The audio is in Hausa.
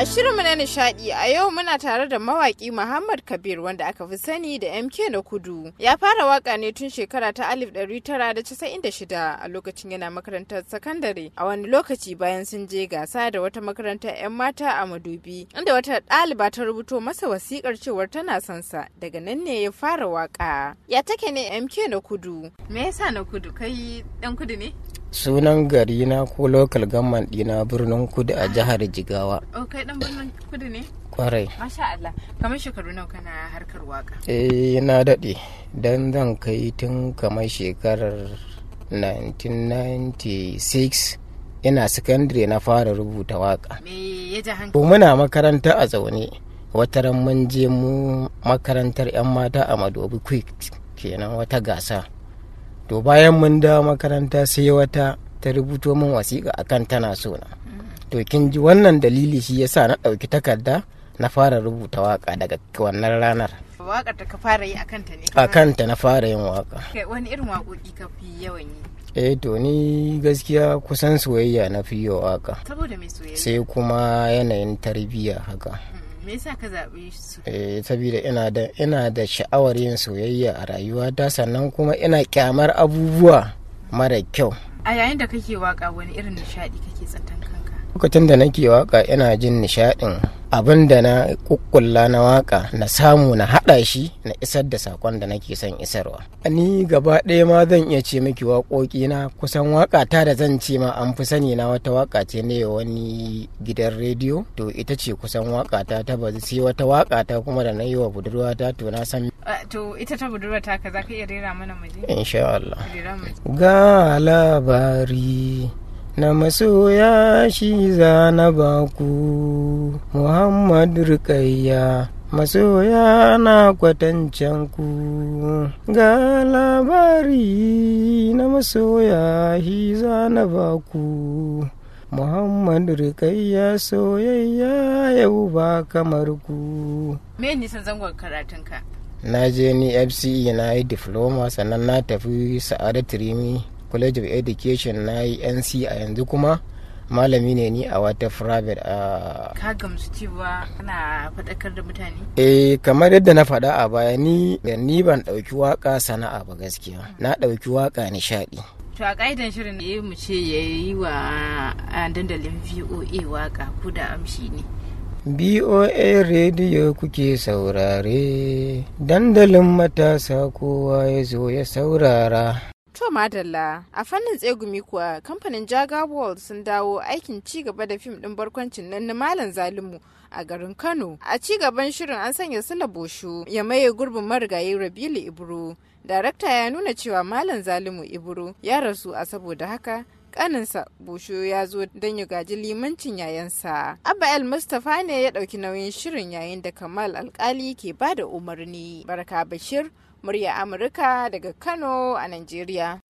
A shirinmu na nishadi a yau muna tare da mawaki Muhammad Kabir wanda aka fi sani da MK na Kudu. Ya fara waka ne tun shekara ta 1996 a lokacin yana makarantar sakandare a wani lokaci bayan sun je gasa da wata makarantar 'yan mata a Madubi inda wata ɗaliba ta rubuto masa wasikar cewar tana son sa daga nan ne ya fara waka. Ya take ne MK na Kudu. Me yasa na Kudu kai dan Kudu ne? sunan gari na ko local government dina birnin kudu a jihar jigawa ok oh, dan birnin kudu ne kwarai masha Allah kamar shekaru nawa kana harkar waka eh na dade dan zan kai tun kamar shekarar 1996 ina secondary na fara rubuta waka me ya hankali muna makaranta a zaune ran mun je mu makarantar yan mata a madobi quick kenan wata gasa to bayan mun da makaranta sai wata ta rubuto min wasiƙa akan tana so na to kin ji wannan dalili shi yasa na ɗauki takarda na fara rubuta waka daga wannan ranar waka ta ka fara yi akan ta ne akan ta na fara yin waka wani irin waƙoƙi ka fi yawan yi eh to ni gaskiya kusan soyayya na fi yi waka saboda me soyayya sai kuma yanayin tarbiyya haka hmm. me yasa ka zaɓe su eh saboda ina da ina da sha'awar yin soyayya a rayuwata sannan kuma ina kyamar abubuwa mara kyau a yayin da kake waka wani irin nishaɗi kake tsantan kanka lokacin da nake waka ina jin nishaɗin abin da na kukkulla na waka na samu na haɗa shi na isar da sakon da nake son isarwa ni gaba ɗaya ma zan iya ce miki waƙoƙi na kusan waka ta da zan ce ma an fi sani na wata waka ce ne wani gidan rediyo to ita ce kusan waka ta ta bazu sai wata waka ta kuma da na yi wa budurwa ta to na san to ita ta budurwa ta ka za ka iya rera mana mu insha Allah ga labari na masoya shi za na baku muhammad rukayya masoya na kwatancen ku ga labari na masoya shi za na baku Muhammad Rukayya soyayya yau ba kamar ku. Me nisan zangon karatunka? Na je ni FCE na yi diploma sannan na tafi Sa'ada college of education na yi nc a yanzu kuma malami ne ni a wata private a ka gamsu cewa ana faɗakar da mutane eh kamar yadda na faɗa a baya ni ni ban ɗauki waka sana'a ba gaskiya na ɗauki waka nishaɗi to a ƙa'idan shirin ne mu ce ya yi wa dandalin voa waka ko da amshi ne BOA rediyo kuke saurare, dandalin matasa kowa ya zo ya saurara. To Madalla, a fannin tsegumi kuwa kamfanin Jaga World sun dawo aikin ci gaba da fim ɗin barkwancin nan na Malam Zalimu a garin Kano. A ci gaban shirin an sanya suna boshu ya maye gurbin marigayi Rabilu Ibro. Darakta ya nuna cewa Malam Zalimu Ibro ya rasu a saboda haka kaninsa busho ya zo don ya gaji limancin yayansa abba el mustapha ne ya ɗauki nauyin shirin yayin da kamal alkali ke ba da umarni barka bashir murya amurka daga kano a Najeriya.